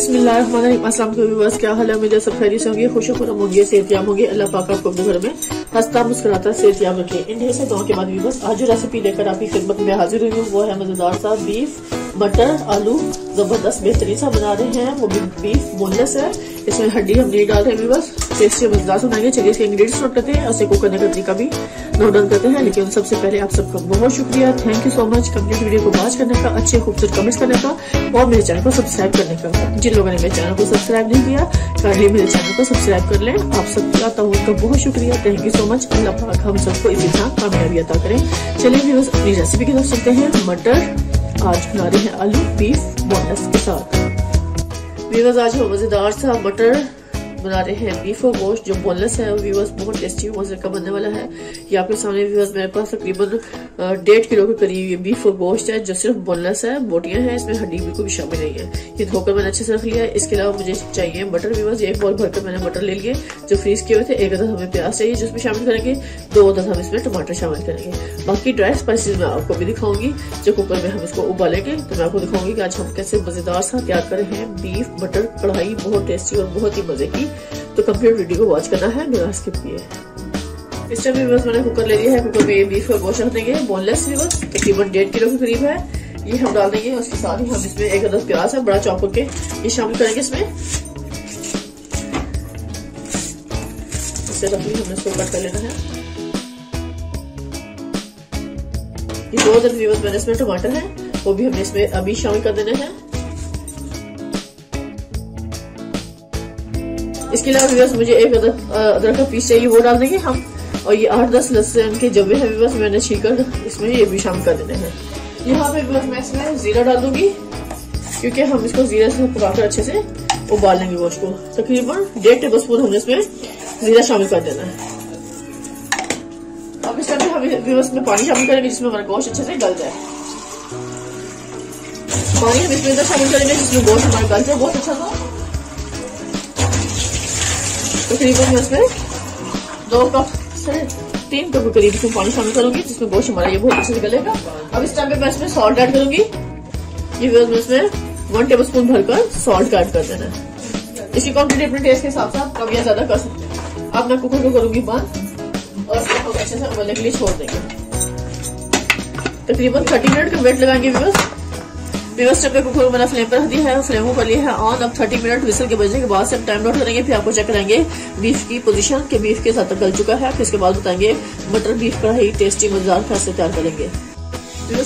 बिस्मिल्लाम के विवास क्या हाल है सब खैरी से होंगे खुश खुरम होंगे सेहतियाब होंगे अल्लाह पाक आपको अपने घर में हंसता मुस्कुराता सेहतियाब रखे इंडिया से गाँव के बाद विवास आज जो रेसिपी लेकर आपकी खिदमत में हाजिर हुई हूँ वो है मज़ेदार सा बीफ मटर आलू ज़बरदस्त बेहतरीन सा बना रहे हैं वो भी बीफ बोनलेस है इसमें हड्डी हम नहीं डाल रहे हैं विवास टेस्टी मज़ेदार बनाएंगे चलिए इसके इंग्रीडियंट्स नोट करते हैं उसे कुक करने का तरीका भी नूडल का हैं लेकिन सबसे पहले आप सबका बहुत शुक्रिया thank you so much complete video को वॉच करने का अच्छे खूबसूरत कमेंट्स करने का और मेरे चैनल को सब्सक्राइब करने का जिन लोगों ने मेरे चैनल को सब्सक्राइब नहीं किया कल मेरे चैनल को सब्सक्राइब कर लें आप सबका तो उनका बहुत शुक्रिया थैंक यू सो मच अल्लाह पाक हम सबको इसी तरह कामयाबी अदा करें चलिए व्यूअर्स अपनी रेसिपी की तरफ सुनते हैं मटर आज बना रहे हैं आलू बीफ बोनस के साथ व्यूअर्स आज मजेदार सा मटर बना रहे हैं बीफ और गोश्त जो बोनलेस है व्यूवर्स बहुत टेस्टी मौसम का बनने वाला है ये आपके सामने व्यूवर्स मेरे पास तकरीबन डेढ़ किलो के करीब ये बीफ और गोश्त है जो सिर्फ बोनलेस है बोटियाँ हैं इसमें हड्डी बिल्कुल भी शामिल नहीं है ये धोकर मैंने अच्छे से रख लिया है इसके अलावा मुझे चाहिए बटर व्यूवर्स एक बॉल भरकर मैंने बटर ले लिए जो फ्रीज किए हुए थे एक अदद हमें प्याज चाहिए जिसमें शामिल करेंगे दो अदद हम इसमें टमाटर शामिल करेंगे बाकी ड्राई स्पाइसिस मैं आपको भी दिखाऊंगी जो कुकर में हम इसको उबालेंगे तो मैं आपको दिखाऊंगी कि आज हम कैसे मजेदार सा तैयार कर रहे हैं बीफ बटर कढ़ाई बहुत टेस्टी और बहुत ही मजे की तो कंप्लीट वीडियो को वॉच करना है बिना स्किप किए इस टाइम भी बस मैंने कुकर ले लिया है कुकर में बीफ और गोश रख देंगे बोनलेस भी बस तकरीबन डेढ़ किलो के करीब है ये हम डाल देंगे उसके साथ ही हम इसमें एक अदर प्याज है बड़ा चौक के ये शामिल करेंगे इसमें इससे रखिए हमने इसको कट कर लेना है ये दो तकरीबन मैंने इसमें टमाटर है वो भी हमने इसमें अभी शामिल कर देने हैं इसके अलावा व्यवर्स मुझे एक अदरक का पीस चाहिए वो डाल देंगे हम और ये आठ दस लहसन के जब हैं व्यवर्स मैंने छीकर इसमें ये भी शाम कर देने हैं यहाँ पे व्यवर्स मैं इसमें ज़ीरा डाल दूंगी क्योंकि हम इसको ज़ीरा से पकाकर अच्छे से उबालेंगे वो उसको को तकरीबन डेढ़ टेबल स्पून हमने इसमें ज़ीरा शामिल कर देना है अब इसमें हम व्यवर्स में पानी शामिल करेंगे जिसमें हमारा गोश्त अच्छे से गल जाए पानी हम इसमें शामिल करेंगे जिसमें गोश्त हमारा गल जाए बहुत अच्छा था तकरीबन मैं उसमें दो कप से तीन कप के करीब इसमें पानी शामिल करूंगी जिसमें गोश्त हमारा ये बहुत अच्छे से गलेगा अब इस टाइम पे मैं इसमें सॉल्ट ऐड करूंगी ये मैं इसमें वन टेबल स्पून भरकर सॉल्ट ऐड कर देना है इसकी क्वान्टिटी अपने टेस्ट के हिसाब से आप कम या ज्यादा कर सकते हैं अब मैं कुकर को करूंगी बंद और इसको अच्छे से उबलने के लिए छोड़ देंगे तकरीबन थर्टी मिनट का वेट लगाएंगे व्यवस्था प्रीवियस स्टेप के कुकर मैंने फ्लेम पर रख दिया है फ्लेम को कर लिया है ऑन अब 30 मिनट विसल के बजने के बाद से हम टाइम नोट करेंगे फिर आपको चेक करेंगे बीफ की पोजीशन के बीफ के साथ गल चुका है फिर इसके बाद बताएंगे मटर बीफ का ही टेस्टी मजेदार कैसे तैयार करेंगे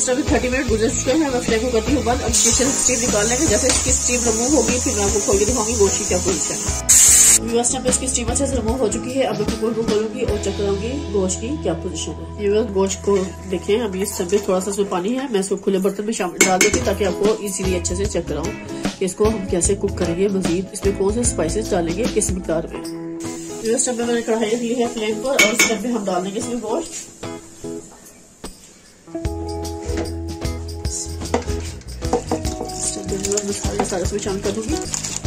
स्टेप थर्टी मिनट गुजर चुके हैं मैं फ्लेम को करती हूँ बंद अब किचन स्टीम निकाल लेंगे जैसे इसकी स्टीम रिमूव होगी फिर मैं आपको खोल के दिखाऊंगी गोशी क्या पोजिशन व्यूअर्स यहाँ पे इसकी स्टीमर से रिमूव हो चुकी है अब मैं कुकर को खोलूंगी और चेक करूंगी गोश की क्या पोजीशन है व्यूअर्स गोश को देखें अभी इस सब थोड़ा सा इसमें पानी है मैं इसको खुले बर्तन में शामिल डाल दूंगी ताकि आपको इजीली अच्छे से चेक कराऊं कि इसको हम कैसे कुक करेंगे मजीद इसमें कौन से स्पाइसेस डालेंगे किस मकदार में व्यूअर्स में मैंने कढ़ाई ली है फ्लेम पर और इस में हम डाल देंगे इसमें गोश मसाले सारे इसमें शामिल कर दूंगी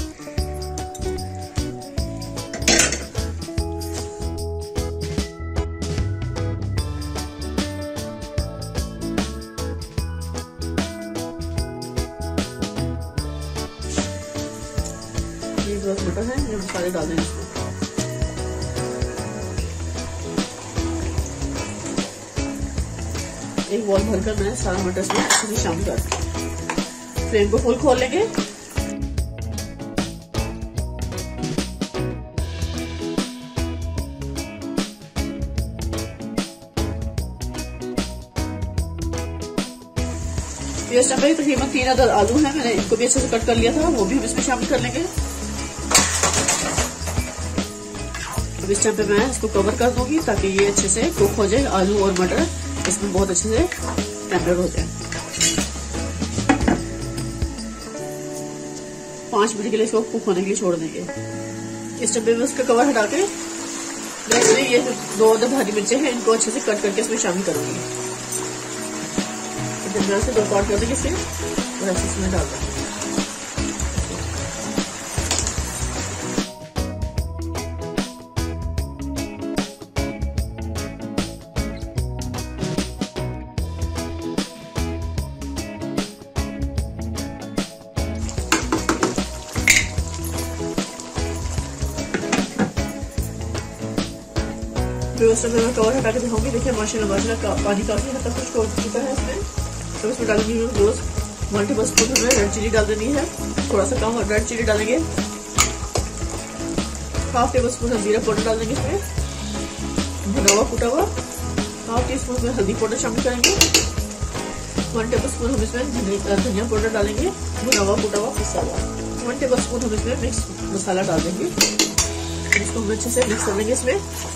टमाटर है ये सारे डालें इसमें एक बॉल भरकर मैंने सारा मटर से शाम कर फ्लेम को फुल खोल लेंगे तकरीबन तीन अदर आलू है मैंने इनको भी अच्छे से कट कर लिया था वो भी हम इसमें शामिल कर लेंगे अब तो इस टाइम पे मैं इसको कवर कर दूंगी ताकि ये अच्छे से कुक हो जाए आलू और मटर इसमें बहुत अच्छे से टेंडर हो जाए पांच मिनट के लिए इसको कुक होने के लिए छोड़ देंगे इस टाइम पे मैं उसका कवर हटा के ये दो दो हरी मिर्चें हैं इनको अच्छे से कट करके इसमें शामिल करूंगी से दो कर देंगे इसे और अच्छे से डाल देंगे फिर उस समय मैं कवर हटा के दिखाऊंगी देखिए माशा माशा का पानी काफ़ी हद तक कुछ हो चुका है इसमें तो इसमें डालूंगी रोज़ वन टेबल स्पून हमें रेड चिली डाल देनी है थोड़ा सा कम रेड चिली डालेंगे हाफ टेबल स्पून हम जीरा पाउडर डाल देंगे इसमें भुना हुआ कुटा हुआ हाफ टी स्पून में हल्दी पाउडर शामिल करेंगे वन टेबल स्पून हम इसमें धनिया पाउडर डालेंगे भुना हुआ कुटा हुआ मसाला हुआ वन टेबल स्पून हम इसमें मिक्स मसाला डाल देंगे इसको हम अच्छे से मिक्स कर देंगे इसमें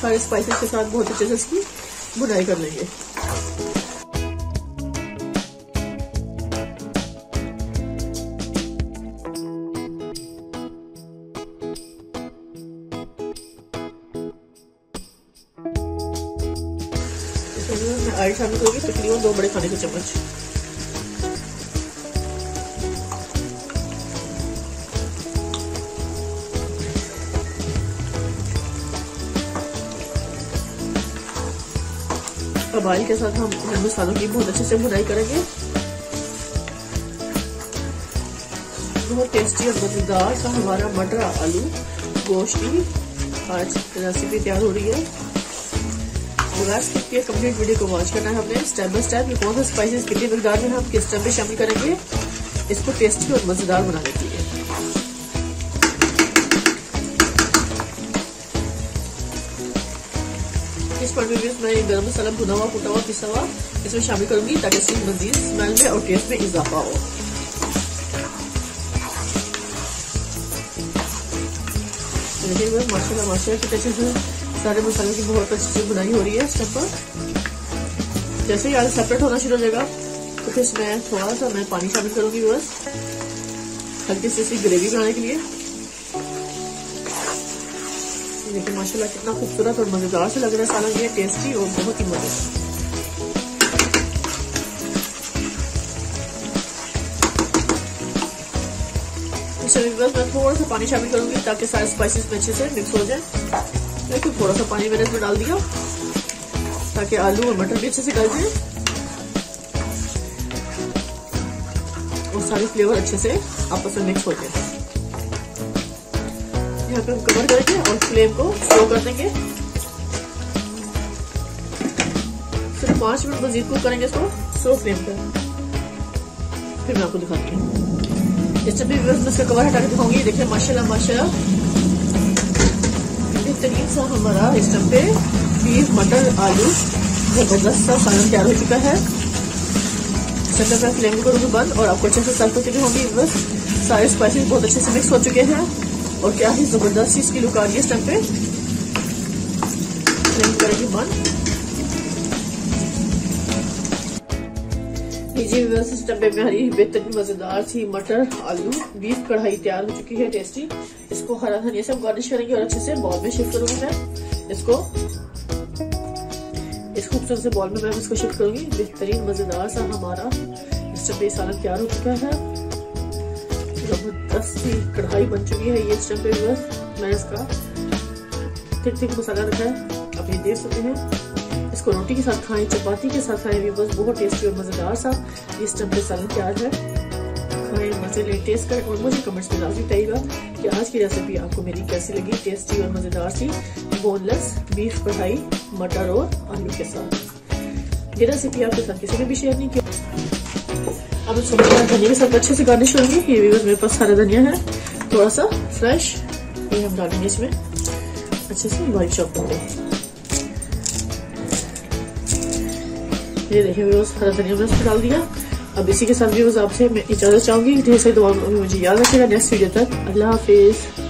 सारे स्पाइसेस के साथ बहुत अच्छे से इसकी बुनाई कर लेंगे मैं ऐड शामिल होगी तकरीबन दो बड़े खाने के चम्मच कबाइल के साथ हम इन मसालों की बहुत अच्छे से बुनाई करेंगे बहुत टेस्टी और मजेदार सा हमारा मटर आलू गोश्त की आज रेसिपी तैयार हो रही है कंप्लीट वीडियो को वॉच करना है हमने स्टेप बाय स्टेप ये कौन सा स्पाइसेस कितनी मकदार में हम किस स्टेप में शामिल करेंगे इसको टेस्टी और मजेदार बनाने के लिए मिर्च पड़ रही है मैं गर्म मसाला भुना हुआ कुटा हुआ पिसा हुआ इसमें शामिल करूंगी ताकि इसकी मजीद स्मेल में और टेस्ट में इजाफा हो माशा माशा की तरह से सारे मसाले की बहुत अच्छी से बुनाई हो रही है इस पर जैसे ही सेपरेट होना शुरू हो जाएगा तो फिर मैं थोड़ा सा मैं पानी शामिल करूंगी बस हल्की से इसकी ग्रेवी बनाने के लिए देखिए माशाल्लाह कितना खूबसूरत और मज़ेदार से लग रहा है सालन ये टेस्टी और बहुत ही मज़ेदार अच्छा, मैं थोड़ा सा पानी शामिल करूंगी ताकि सारे स्पाइसेस में अच्छे से मिक्स हो जाए देखिए थोड़ा सा पानी मैंने इसमें डाल दिया ताकि आलू और मटर भी अच्छे से गल जाए और सारे फ्लेवर अच्छे से आपस में मिक्स हो जाए यहाँ पे हम कवर करके और फ्लेम को स्लो कर देंगे सिर्फ पांच मिनट मजीद कुक करेंगे इसको स्लो फ्लेम पर फिर मैं आपको दिखाती हूँ जैसे भी इसका कवर हटा के दिखाऊंगी देखिए माशाल्लाह माशाल्लाह बेहतरीन सा हमारा इस टाइम पे बीफ मटर आलू जबरदस्त सा खाना तैयार हो चुका है फ्लेम करूँगी बंद और आपको अच्छे से सर्व करती होंगी बस सारे स्पाइसेस बहुत अच्छे से मिक्स हो चुके हैं और क्या ही जबरदस्त इसकी लुक आ रही है इस टाइम पे फ्लेम बंद लीजिए पे हमारी बेहतरीन मजेदार सी मटर आलू बीफ कढ़ाई तैयार हो चुकी है टेस्टी इसको हरा धनिया से गार्निश करेंगे और अच्छे से बॉल में शिफ्ट करूंगी मैं इसको इस खूबसूरत से बॉल में मैं इसको शिफ्ट करूंगी बेहतरीन मजेदार सा हमारा इस पे सालन तैयार हो चुका है जबरदस्त कढ़ाई बन चुकी है ये इस टाइम पे बस मैं इसका ठीक ठीक मसाला रखा है आप ये देख सकते हैं इसको रोटी के साथ खाएं चपाती के साथ खाएं भी बस बहुत टेस्टी और मज़ेदार सा ये टाइम पे सालन प्याज है खाएं मज़े लें टेस्ट करें और मुझे कमेंट्स में लाजमी बताइएगा कि आज की रेसिपी आपको मेरी कैसी लगी टेस्टी और मज़ेदार सी बोनलेस बीफ कढ़ाई मटर और आलू के साथ ये रेसिपी आपके साथ किसी ने भी शेयर नहीं किया अब इसको धनिया के साथ अच्छे से गार्निश करूँगी ये भी मेरे पास सारा धनिया है थोड़ा सा फ्रेश ये हम डालेंगे इसमें अच्छे से चॉप ये देखिए हरा धनिया मैंने डाल दिया अब इसी के साथ व्यूज आपसे मैं इजाज़त चाहूंगी ढेर सारी दुआ मुझे याद रखेगा नेक्स्ट वीडियो तक अल्लाह हाफिज़